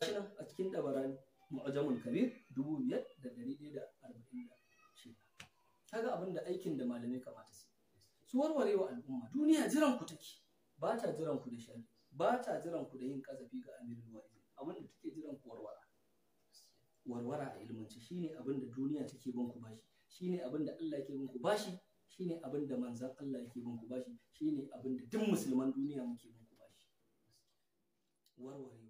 gashi a cikin dabarani mu'ajamul kabir dubu biyar da ɗari ɗaya da arba'in da shida kaga abin da aikin da malamai kamata su su warware wa al'umma duniya jiran ku take ba ta jiran ku da shari ba ta jiran ku da yin kazafi ga amirin wa'izi abin da take jiran ku warwara warwara a ilmanci shine abin da duniya take bin ku bashi shine abin da Allah yake bin ku bashi shine abin da manzon Allah yake bin ku bashi shine abin da duk musulman duniya muke bin ku bashi warware